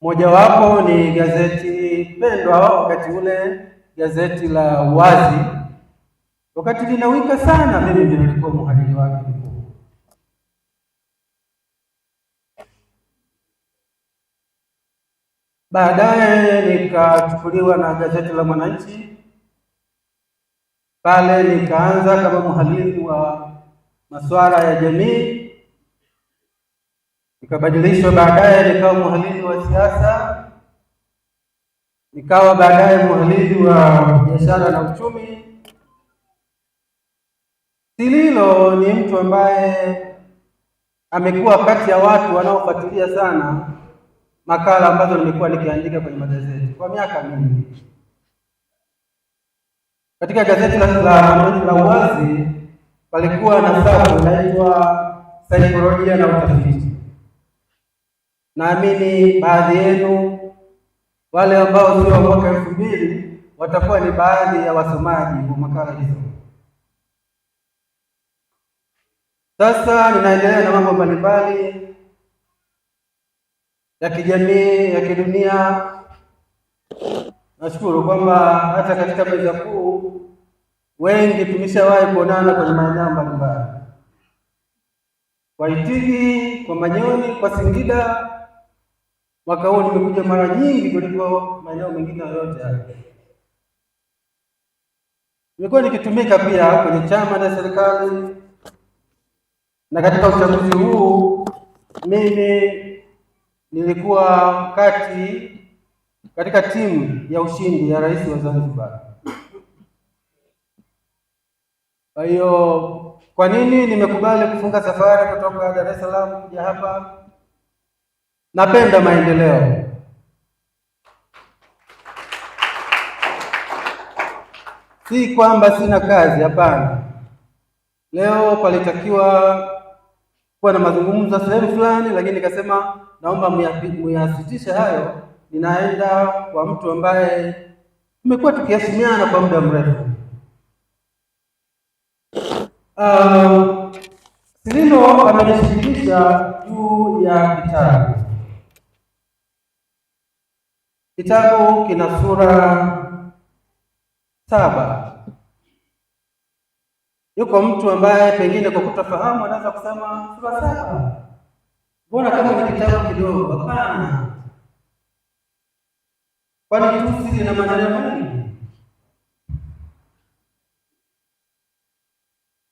Mojawapo ni gazeti pendwa, wakati ule gazeti la Uwazi, wakati linawika sana, mimi ndio nilikuwa mhariri wake mkuu. Baadaye nikachukuliwa na gazeti la Mwananchi, pale nikaanza kama mhariri wa masuala ya jamii nikabadilishwa baadaye nikawa mhariri wa siasa, nikawa baadaye mhariri wa biashara na uchumi. Sililo ni mtu ambaye amekuwa kati ya watu wanaofuatilia sana makala ambazo nimekuwa nikiandika kwenye magazeti kwa miaka mingi. Katika gazeti la la Uwazi palikuwa na safu inaitwa saikolojia na utafiti Naamini baadhi yenu wale ambao sio wa mwaka elfu mbili watakuwa ni baadhi ya wasomaji wa makala hizo. Sasa ninaendelea na mambo mbalimbali ya kijamii ya kidunia. Nashukuru kwamba hata katika meza kuu wengi tumeshawahi kuonana kwenye maeneo mbalimbali, kwa Itigi, kwa Manyoni, kwa Singida Mwaka huu nimekuja mara nyingi kuliko maeneo mengine yoyote haya. Nimekuwa nikitumika pia kwenye chama na serikali, na katika uchaguzi huu mimi nilikuwa kati katika timu ya ushindi ya rais wa Zanzibar. Kwa hiyo, kwa nini nimekubali kufunga safari kutoka Dar es Salaam kuja hapa? Napenda maendeleo. Si kwamba sina kazi, hapana. Leo palitakiwa kuwa na mazungumzo sehemu fulani, lakini nikasema naomba muyasitishe hayo, ninaenda kwa mtu ambaye tumekuwa tukiheshimiana kwa muda mrefu. Uh, um, Sililo amejishughulisha juu ya kitabu Kitabu kina sura saba. Yuko mtu ambaye pengine kwa kutofahamu anaweza kusema sura saba, mbona kama ni kitabu kidogo? Hapana, kwani tusi na maneno mengi.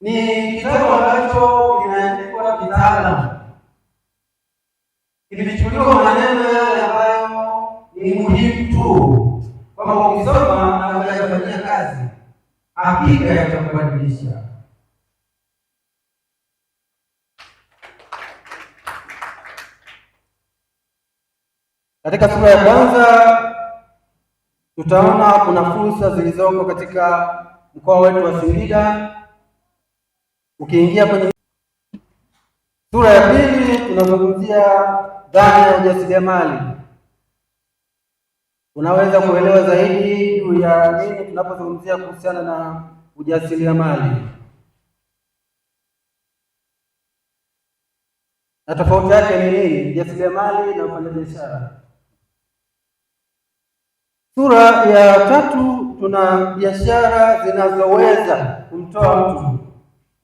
Ni kitabu ambacho kinaandikwa kitaalamu, kilichukuliwa maneno tu kwamba kwa na kuyafanyia kazi hakika yatakubadilisha. Katika sura ya kwanza tutaona kuna fursa zilizoko katika mkoa wetu wa Singida. Ukiingia kwenye sura ya pili tunazungumzia dhana ya ujasiriamali unaweza kuelewa zaidi juu ya nini tunapozungumzia kuhusiana na ujasiriamali na tofauti yake ni nini, ujasiriamali na ufanyabiashara. Sura ya tatu, tuna biashara zinazoweza kumtoa mtu.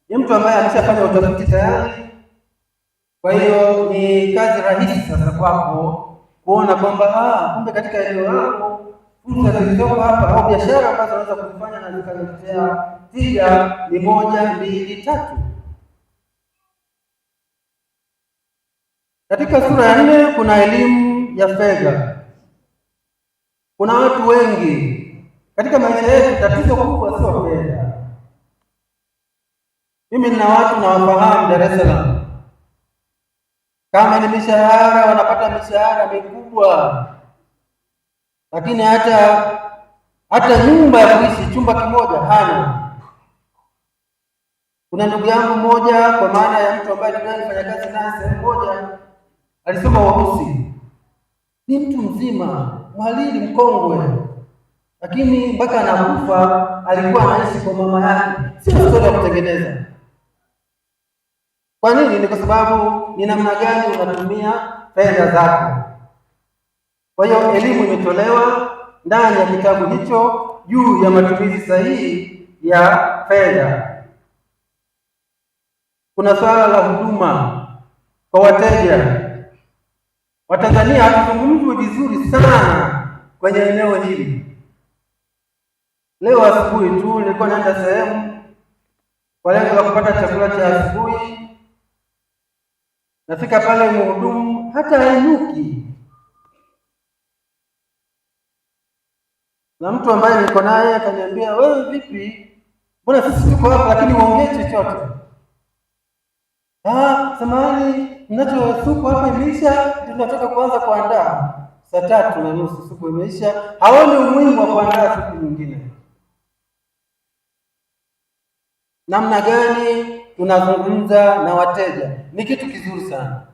Ni mtu ambaye ameshafanya utafiti tayari, kwa hiyo ni kazi rahisi sasa kwako kuona kwamba ah, kumbe katika eneo lako fursa zilizoko hapa au biashara ambazo unaweza kufanya na zikaletea tija ni moja, mbili, tatu. Katika sura ya nne kuna elimu ya fedha. Kuna watu wengi katika maisha yetu, tatizo kubwa sio fedha. Mimi nina watu nawafahamu Dar es Salaam kama ni mishahara, wanapata mishahara mikubwa, lakini hata hata nyumba ya kuishi chumba kimoja hana. Kuna ndugu yangu mmoja, kwa maana ya mtu ambaye tunafanya kazi naye sehemu moja, alisoma Urusi. Ni mtu mzima, mhariri mkongwe, lakini mpaka anakufa alikuwa anaishi kwa mama yake. Sio stori ya kutengeneza kwa nini? Ni kwa sababu ni namna gani unatumia fedha zako. Kwa hiyo elimu imetolewa ndani ya kitabu hicho juu ya matumizi sahihi ya fedha. Kuna swala la huduma kwa wateja. Watanzania hatuzungumzwi vizuri sana kwenye eneo hili. Leo asubuhi tu nilikuwa naenda sehemu kwa lengo la kupata chakula cha asubuhi nafika pale mhudumu hata ainuki na mtu ambaye niko naye akaniambia, wewe vipi, mbona sisi tuko hapa lakini waongee chochote? Ah, samahani, mnacho supu hapa imeisha, tunataka kuanza kuandaa saa tatu na nusu, supu imeisha. Haoni umuhimu wa kuandaa supu nyingine. Namna gani unazungumza na wateja, ni kitu kizuri sana.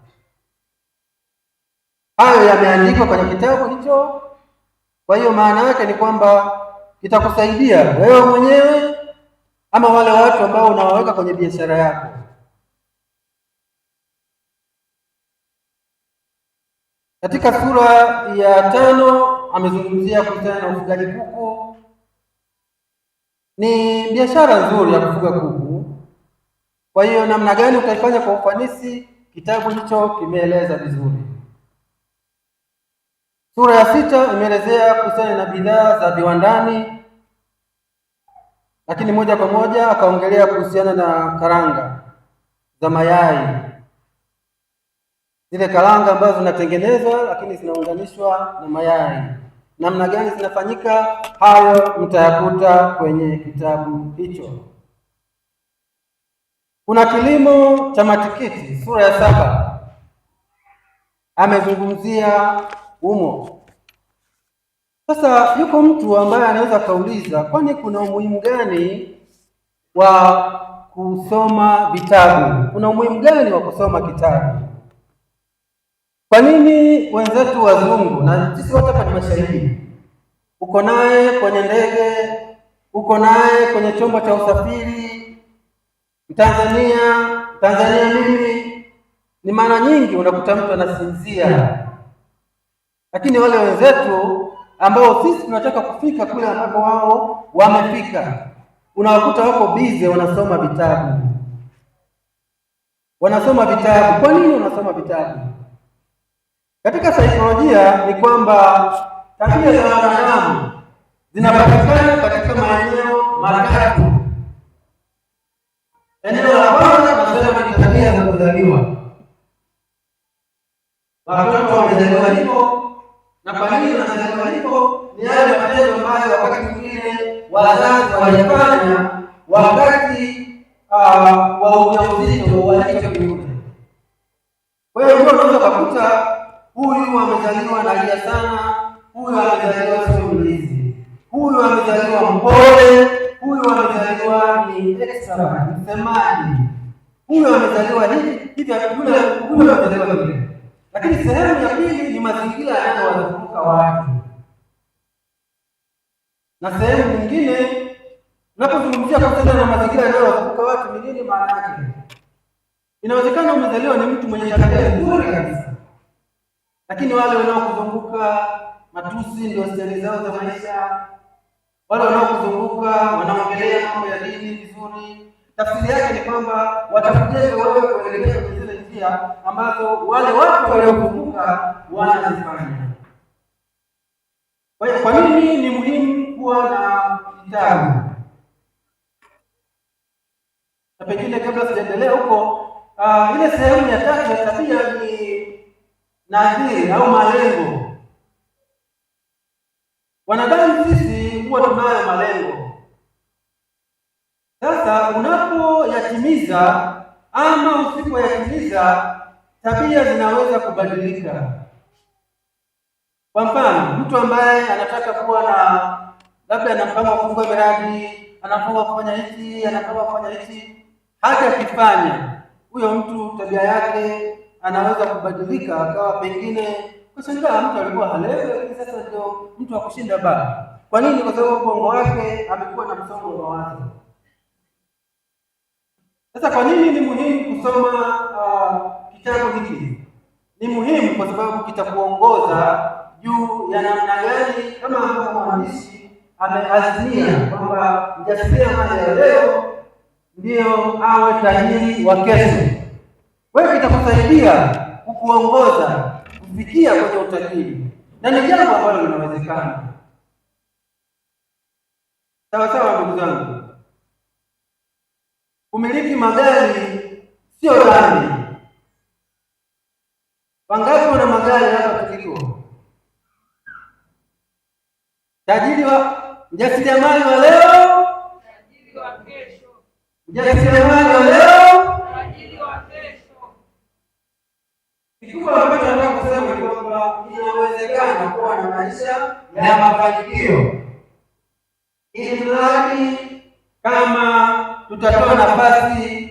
Hayo yameandikwa kwenye kitabu hicho. Kwa hiyo maana yake ni kwamba itakusaidia wewe mwenyewe ama wale watu ambao unawaweka kwenye biashara yako. Katika sura ya tano amezungumzia kuhusiana na ufugaji kuku. Ni biashara nzuri ya kufuga kuku kwa hiyo namna gani utaifanya kwa ufanisi, kitabu hicho kimeeleza vizuri. Sura ya sita imeelezea kuhusiana na bidhaa za viwandani, lakini moja kwa moja akaongelea kuhusiana na karanga za mayai, zile karanga ambazo zinatengenezwa lakini zinaunganishwa na mayai. Namna gani zinafanyika, hayo mtayakuta kwenye kitabu hicho. Kuna kilimo cha matikiti sura ya saba amezungumzia umo. Sasa yuko mtu ambaye anaweza kauliza, kwani kuna umuhimu gani wa kusoma vitabu? Kuna umuhimu gani wa kusoma kitabu? Kwa nini wenzetu wazungu na sisi wote hapa ni mashahidi, uko naye kwenye ndege, uko naye kwenye chombo cha usafiri Mtanzania, Tanzania mimi ni mara nyingi unakuta mtu anasinzia, lakini wale wenzetu ambao sisi tunataka kufika kule ambapo wao wamefika, unawakuta wako bize, wanasoma vitabu, wanasoma vitabu. Kwa nini wanasoma vitabu? Katika saikolojia ni kwamba tabia za wanadamu zinapatikana amezaliwa analia sana, huyu amezaliwa sio huyu amezaliwa mpole, huyu amezaliwa ni extra msemaji, huyu amezaliwa hivi hivi, huyu amezaliwa vile. Lakini sehemu ya pili ni mazingira yanayowazunguka watu, na sehemu nyingine napozungumzia kuhusiana na mazingira yanayowazunguka watu, ni nini maana yake? Inawezekana umezaliwa ni mtu mwenye tabia nzuri kabisa lakini wale wanaokuzunguka matusi ndio steli zao za maisha, wale wanaokuzunguka wanaongelea mambo ya dini vizuri, tafsiri yake ni kwamba watafuteze wewe kuelekea kwenye zile njia ambazo wale watu waliokuzunguka wanazifanya. Kwa hiyo, kwa nini ni muhimu kuwa na kitabu? Na pengine kabla sijaendelea huko, uh, ile sehemu ya tatu ya tabia ni nadhiri au malengo. Wanadamu sisi huwa tunayo malengo. Sasa unapoyatimiza ama usipoyatimiza, tabia zinaweza kubadilika. Kwa mfano, mtu ambaye anataka kuwa na labda anapanga kufunga miradi, anapanga kufanya hichi, anapanga kufanya hichi, hata akifanya, huyo mtu tabia yake anaweza kubadilika akawa pengine kushangaa, mtu alikuwa halewe, lakini sasa ndio mtu wa kushinda baba. Kwa nini? Kwa sababu ubongo wake amekuwa na msongo wa mawazo. Sasa kwa nini ni muhimu kusoma uh, kitabu hiki? Ni muhimu kwa sababu kitakuongoza juu ya namna gani, kama ambavyo mwandishi ameazimia kwamba mjasiriamali ya leo ndiyo awe tajiri wa kesho. Wewe kitakusaidia kukuongoza kufikia kwenye utajiri, na ni jambo ambalo linawezekana. Sawa sawa, ndugu zangu, kumiliki magari sio dhambi. Wangapi wana magari hapa Tukiriro? Tajiri wa mjasiriamali wa leo, mjasiriamali wa leo Kikubwa ambacho nataka kusema ni kwamba inawezekana kuwa na maisha ya mafanikio ili mradi kama tutatoa nafasi